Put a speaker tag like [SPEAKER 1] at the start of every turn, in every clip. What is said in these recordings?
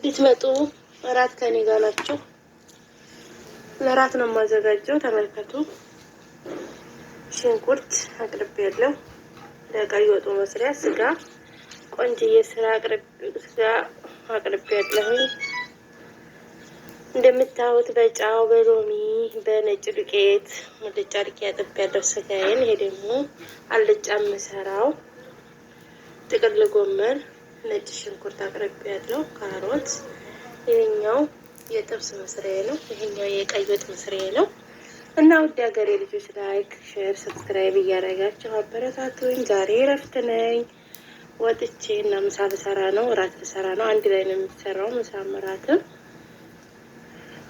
[SPEAKER 1] እንድትመጡ እራት ከኔ ጋር ናቸው። ለራት ነው የማዘጋጀው። ተመልከቱ። ሽንኩርት አቅርቤ ያለው ለቀይ ወጡ መስሪያ ስጋ፣ ቆንጅዬ ስራ ስጋ አቅርቤ ያለሁ። እንደምታዩት በጫው በሎሚ በነጭ ዱቄት ሙልጫ አድርጌ አጥቤ ያለው ስጋዬን። ይሄ ደግሞ አልጫ የምሰራው ጥቅል ጎመን ነጭ ሽንኩርት አቅርቤያለሁ። ካሮት ይሄኛው የጥብስ መስሪያ ነው። ይሄኛው የቀይ ወጥ መስሪያ ነው። እና ውድ ሀገሬ ልጆች ላይክ፣ ሼር፣ ሰብስክራይብ እያደረጋችሁ አበረታቱኝ። ዛሬ እረፍት ነኝ። ወጥቼ እና ምሳ ልሰራ ነው፣ እራት ልሰራ ነው። አንድ ላይ ነው የሚሰራው ምሳ እራትም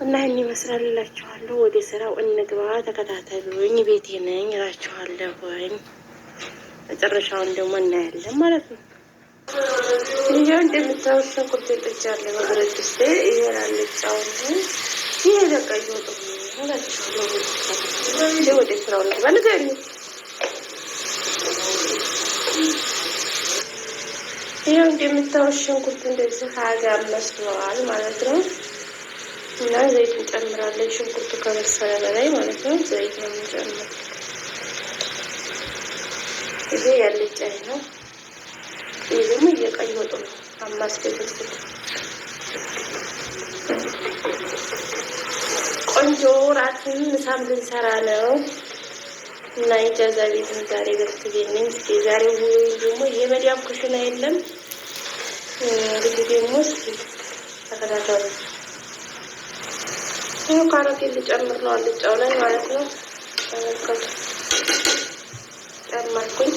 [SPEAKER 1] እና ይህን ይመስላልላችኋለሁ። ወደ ስራው እንግባ፣ ተከታተሉኝ። ቤቴ ነኝ እላችኋለሁኝ። መጨረሻውን ደግሞ እናያለን ማለት ነው። ይሄው እንደምታዩት ሽንኩርት የጥጃለሁ በብረት ድስቴ። ይሄ አልጫው ነው። ይሄ በቃ ይወጡ ወደ ስራው ልግባ። ንገሪው ይሄው እንደምታዩት ሽንኩርት እንደዚህ ሀጋ መስለዋል ማለት ነው። እና ዘይት እንጨምራለን። ሽንኩርቱ ከበሰለ በላይ ማለት ነው ዘይት ነው የምንጨምረው። ይሄ ያልጫ ነው። ይህ ደግሞ የቀይ ወጡ ነው። አማስቤ ቆንጆ ራትን ምሳም ልንሰራ ነው እና የጃዛ ቤትን ዛሬ በርትዬ ነኝ። እስኪ ዛሬ ውሎ ደግሞ የመዲያም ኩሽና የለም። እንግዲህ ደግሞ እስኪ ተከታተሉ። ይህ ካሮት ልጨምር ነው አልጫው ላይ ማለት ነው። ተመልከቱ ጨመርኩኝ።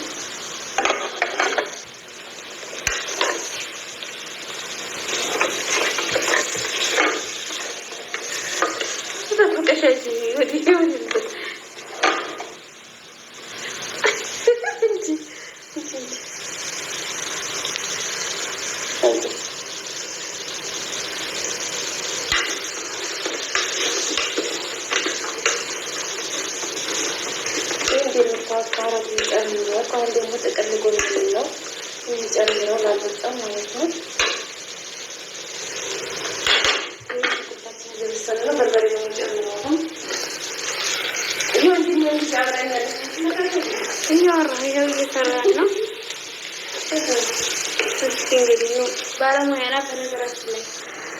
[SPEAKER 1] benci benci benci benci benci ካሮት የሚጨምረው ከወንድሙ ጥቅል ጎን ነው የሚጨምረው ላልበጣም ማለት ነው ይኸው እየሰራ ነው። እስኪ እንግዲህ ባለሙያ ናት። በነገራችን ላይ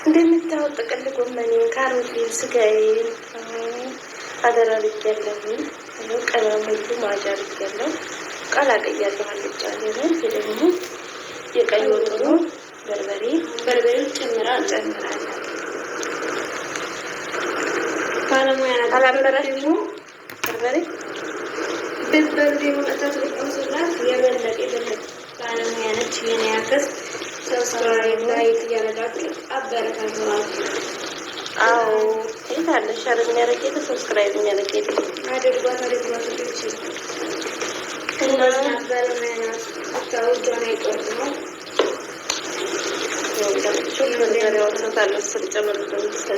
[SPEAKER 1] እንደምታወጥ ጥቅል ጎመኔን፣ ካሮቴን፣ ስጋዬን አደራርጌያለሁ። ቀለም ሁሉ ማጅ አልጫ ደግሞ የቀይ ወጥ ነው። በርበሬ በርበሬ ጨምራ ጨምራለሁ። ባለሙያ ናት። አላበራሽ በርበሬ ግን በብዙ የመጠት ስላት የበለቅ የበለቅ ባለሙያ ነች። የኔ ያክስ ሰብስክራይብ ላይክ እያደረጋችሁ አበረታተዋችሁ። አዎ የት አለ ሸር የሚያደርግ ሰብስክራይብ የሚያደርግ የለ። አድርጓት አድርጓት ልጅ ባለሙያ ናት። እጇን አይቆርጥም ነው ሁ ሁ ሁ ሁ ሁ ሁ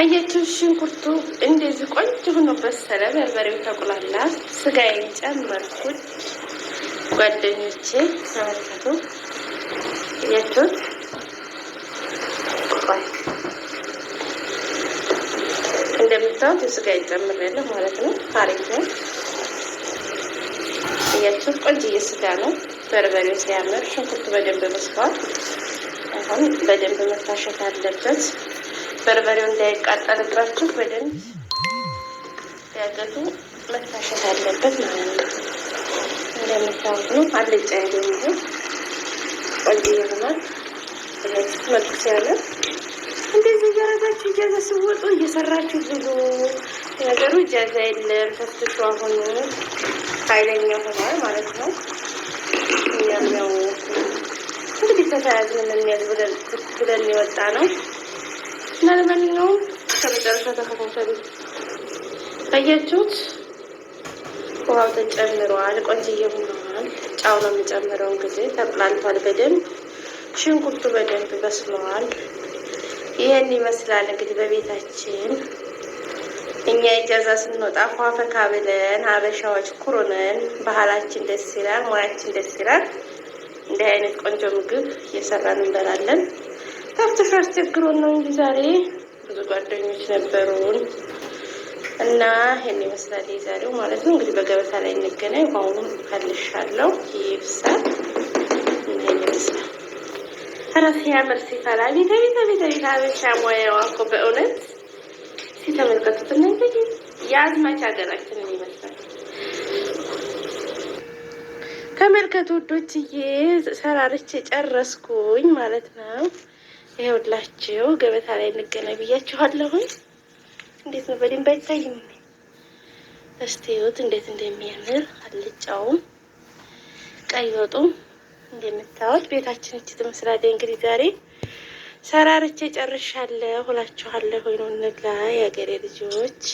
[SPEAKER 1] አያችሁ፣ ሽንኩርቱ እንደዚህ ቆንጆ ሆኖ በሰለ። በርበሬው ተቁላላ፣ ስጋዬን ጨመርኩት። ጓደኞቼ ተመልከቱ፣ አያችሁት? እንደምታዩት ይጨምር ጨምሬያለሁ ማለት ነው። አሪፍ ነው። አያችሁ፣ ቆንጆዬ ስጋ ነው። በርበሬው ሲያምር፣ ሽንኩርቱ በደንብ መስፋት አሁን በደንብ መታሸት አለበት። በርበሬው እንዳይቃጠልባችሁ በደንብ ያገቱ መታሸት አለበት ማለት ነው። እንደምታወት ነው አልጫ የሚሆን ቆንጆ ይሆናል። መልኩስ ያለ እንደዚህ እያረጋችሁ እጃዛ ስወጡ እየሰራችሁ ብሉ። ነገሩ እጃዛ የለም ፈትሹ። አሁን ኃይለኛ ሆኗል ማለት ነው። እኛም ያው እንግዲህ ተተያዝን ብለን የወጣ ነው ይመስላል። ማንኛውም ከመጨረሻ ተከታተሉ አያችሁት? ውሃው ተጨምሯል። ቆንጅዬ ሆኗል። ጫው ነው የሚጨምረው እንግዲህ ተቁላልቷል። በደንብ ሽንኩርቱ በደንብ በስሏል። ይህን ይመስላል እንግዲህ በቤታችን እኛ ኢጃዛ ስንወጣ ፏፈካ ብለን ሀበሻዎች ኩሩነን ባህላችን ደስ ይላል፣ ሙያችን ደስ ይላል። እንዲህ አይነት ቆንጆ ምግብ እየሰራን እንበላለን። ከብት አስቸግሮን ነው እንጂ ዛሬ ብዙ ጓደኞች ነበሩን እና ይህን ይመስላል የዛሬው ማለት ነው። እንግዲህ በገበታ ላይ እንገናኝ። በአሁኑ ከልሻለው ይብሳል። ይህን ይመስላል። ኧረ ሲያምር ሲፈላ ቤተ ቤተ ቤተ ቤት አበሻ ሙያዋ እኮ በእውነት ሲተመልከቱት እና እንግዲህ የአዝማች ሀገራችንን ይመስላል። ተመልከቱ ውዶችዬ፣ ሰራርቼ ጨረስኩኝ ማለት ነው። ይኸውላችሁ ገበታ ላይ እንገናኝ ብያችኋለሁኝ። እንዴት ነው? በደንብ አይታይም። እስቲ እዩት እንዴት እንደሚያምር አልጫውም፣ ቀይ ወጡ እንደምታዩት ቤታችን እቺ ትመስላለች። እንግዲህ ዛሬ ሰራርቼ ጨርሻለሁ እላችኋለሁ። ሆይ ነው ነገ የአገሬ ልጆች